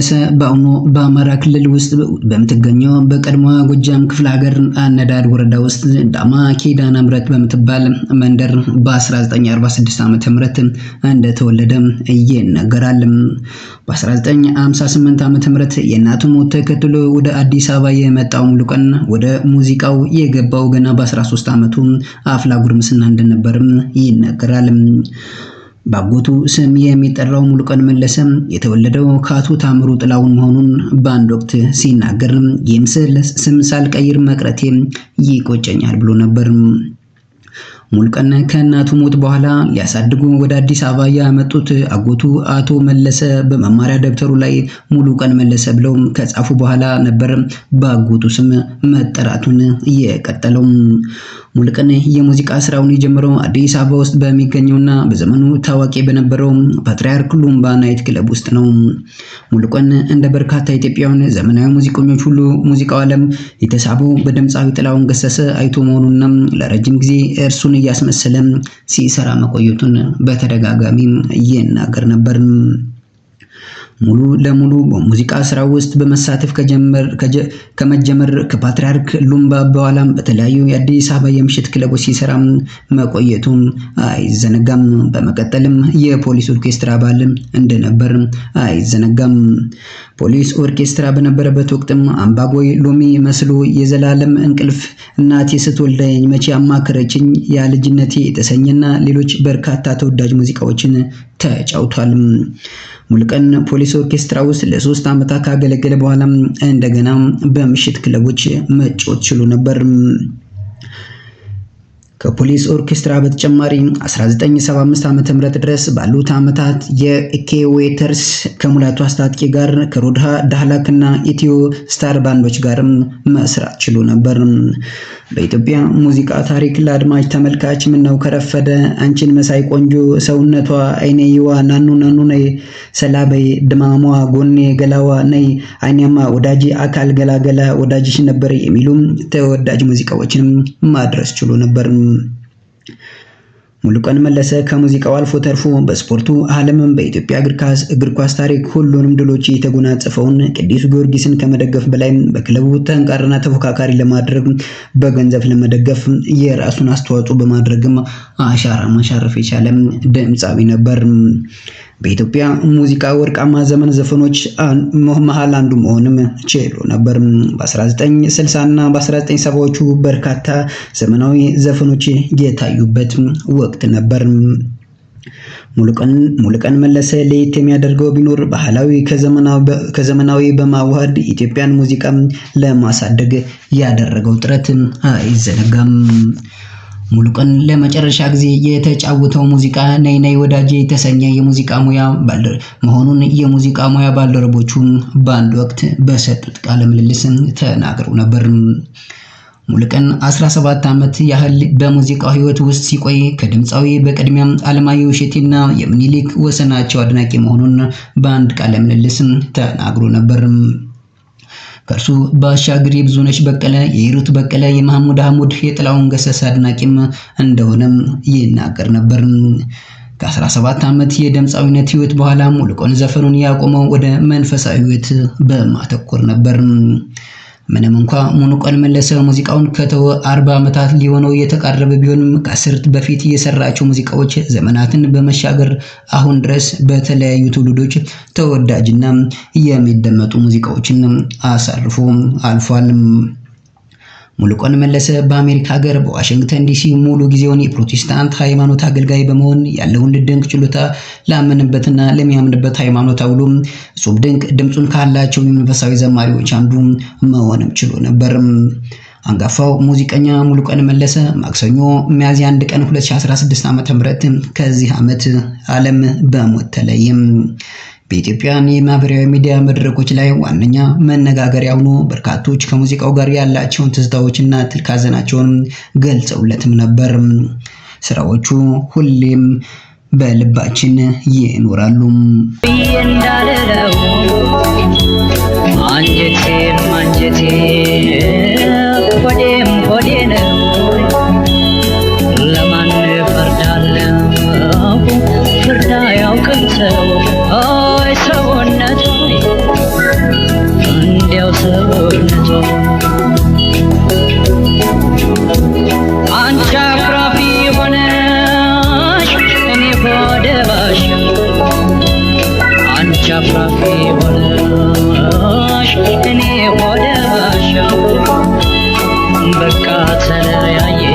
ታደሰ በአሁኑ በአማራ ክልል ውስጥ በምትገኘው በቀድሞ ጎጃም ክፍለ ሀገር አነዳድ ወረዳ ውስጥ ዳማ ኪዳነ ምሕረት በምትባል መንደር በ1946 ዓ.ም እንደተወለደ ይነገራል። በ1958 ም የእናቱ ሞት ተከትሎ ወደ አዲስ አበባ የመጣው ሙሉቀን ወደ ሙዚቃው የገባው ገና በ13 ዓመቱ አፍላ ጉርምስና እንደነበርም ይነገራል። በአጎቱ ስም የሚጠራው ሙሉቀን መለሰ የተወለደው ከአቶ ታምሩ ጥላውን መሆኑን በአንድ ወቅት ሲናገር ይህም ስም ሳልቀይር መቅረቴ ይቆጨኛል ብሎ ነበር። ሙሉቀን ከእናቱ ሞት በኋላ ሊያሳድጉ ወደ አዲስ አበባ ያመጡት አጎቱ አቶ መለሰ በመማሪያ ደብተሩ ላይ ሙሉ ቀን መለሰ ብለው ከጻፉ በኋላ ነበር በአጎቱ ስም መጠራቱን የቀጠለው። ሙልቀን የሙዚቃ ስራውን የጀመረው አዲስ አበባ ውስጥ በሚገኘውና በዘመኑ ታዋቂ በነበረው ፓትርያርክ ሉምባ ናይት ክለብ ውስጥ ነው። ሙልቀን እንደ በርካታ ኢትዮጵያውያን ዘመናዊ ሙዚቀኞች ሁሉ ሙዚቃው ዓለም የተሳበው በድምፃዊ ጥላሁን ገሰሰ አይቶ መሆኑና ለረጅም ጊዜ እርሱን እያስመሰለም ሲሰራ መቆየቱን በተደጋጋሚ ይናገር ነበር። ሙሉ ለሙሉ በሙዚቃ ስራ ውስጥ በመሳተፍ ከመጀመር ከፓትርያርክ ሉምባ በኋላም በተለያዩ የአዲስ አበባ የምሽት ክለቦች ሲሰራም መቆየቱም አይዘነጋም። በመቀጠልም የፖሊስ ኦርኬስትራ አባልም እንደነበር አይዘነጋም። ፖሊስ ኦርኬስትራ በነበረበት ወቅትም አምባጎይ ሎሚ መስሎ የዘላለም እንቅልፍ እናቴ ስትወልደኝ መቼ አማከረችኝ፣ ያ ልጅነቴ የተሰኘና ሌሎች በርካታ ተወዳጅ ሙዚቃዎችን ተጫውቷል። ሙልቀን ፖሊስ ኦርኬስትራ ውስጥ ለሶስት ዓመታት ካገለገለ በኋላ እንደገና በምሽት ክለቦች መጫወት ችሎ ነበር። ከፖሊስ ኦርኬስትራ በተጨማሪ 1975 ዓ.ም ድረስ ባሉት ዓመታት የኬዌተርስ ከሙላቱ አስታጥቂ ጋር ከሮድሃ ዳህላክ እና ኢትዮ ስታር ባንዶች ጋርም መስራት ችሉ ነበር። በኢትዮጵያ ሙዚቃ ታሪክ ለአድማጭ ተመልካች ምነው ከረፈደ፣ አንቺን መሳይ ቆንጆ፣ ሰውነቷ አይኔ ይዋ፣ ናኑ ናኑ ነይ፣ ሰላበይ ድማሟ፣ ጎኔ ገላዋ ነይ፣ አይኔማ ወዳጅ፣ አካል ገላገላ፣ ወዳጅሽ ነበር የሚሉም ተወዳጅ ሙዚቃዎችንም ማድረስ ችሉ ነበር። 嗯。ሙሉቀን መለሰ ከሙዚቃው አልፎ ተርፎ በስፖርቱ ዓለምን በኢትዮጵያ እግር ኳስ ታሪክ ሁሉንም ድሎች የተጎናጸፈውን ቅዱስ ጊዮርጊስን ከመደገፍ በላይ በክለቡ ጠንካራና ተፎካካሪ ለማድረግ በገንዘብ ለመደገፍ የራሱን አስተዋጽኦ በማድረግም አሻራ ማሻረፍ የቻለ ድምፃዊ ነበር። በኢትዮጵያ ሙዚቃ ወርቃማ ዘመን ዘፈኖች መሃል አንዱ መሆንም ችሎ ነበር። በ1960 እና በ1970ዎቹ በርካታ ዘመናዊ ዘፈኖች የታዩበት ወቅት ወቅት ነበር። ሙሉቀን መለሰ ለየት የሚያደርገው ቢኖር ባህላዊ ከዘመናዊ በማዋሃድ የኢትዮጵያን ሙዚቃ ለማሳደግ ያደረገው ጥረት አይዘነጋም። ሙሉቀን ለመጨረሻ ጊዜ የተጫወተው ሙዚቃ ነይ ነይ ወዳጄ የተሰኘ የሙዚቃ ሙያ መሆኑን የሙዚቃ ሙያ ባልደረቦቹ በአንድ ወቅት በሰጡት ቃለ ምልልስ ተናግረው ነበር። ሙልቀን 17 ዓመት ያህል በሙዚቃው ህይወት ውስጥ ሲቆይ ከድምፃዊ በቅድሚያም አለማየሁ እሸቴና የምኒልክ ወሰናቸው አድናቂ መሆኑን በአንድ ቃለ ምልልስ ተናግሮ ነበር። ከእርሱ ባሻገር የብዙነች በቀለ፣ የሂሩት በቀለ፣ የመሐሙድ አህሙድ፣ የጥላሁን ገሰሰ አድናቂም እንደሆነም ይናገር ነበር። ከ17 ዓመት የድምፃዊነት ህይወት በኋላ ሙልቀን ዘፈኑን ያቆመው ወደ መንፈሳዊ ህይወት በማተኮር ነበር። ምንም እንኳ ሙሉቀን መለሰ ሙዚቃውን ከተወ አርባ ዓመታት ሊሆነው የተቃረበ ቢሆንም ከአስርት በፊት የሰራቸው ሙዚቃዎች ዘመናትን በመሻገር አሁን ድረስ በተለያዩ ትውልዶች ተወዳጅና የሚደመጡ ሙዚቃዎችን አሳርፎ አልፏል። ሙሉቀን መለሰ በአሜሪካ ሀገር በዋሽንግተን ዲሲ ሙሉ ጊዜውን የፕሮቴስታንት ሃይማኖት አገልጋይ በመሆን ያለውን ድንቅ ችሎታ ላመንበትና ለሚያምንበት ሃይማኖት አውሎ እጹብ ድንቅ ድምፁን ካላቸው መንፈሳዊ ዘማሪዎች አንዱ መሆንም ችሎ ነበር። አንጋፋው ሙዚቀኛ ሙሉቀን መለሰ ማክሰኞ ሚያዝያ 1 ቀን 2016 ዓ.ም ከዚህ ዓመት ዓለም በሞት ተለየም። በኢትዮጵያን የማህበራዊ ሚዲያ መድረኮች ላይ ዋነኛ መነጋገሪያ ሆኖ በርካቶች ከሙዚቃው ጋር ያላቸውን ትዝታዎችና ጥልቅ ሀዘናቸውን ገልጸውለትም ነበር። ስራዎቹ ሁሌም በልባችን ይኖራሉ። ሆነሽ እኔ ሆነሽ በቃ ተለያየ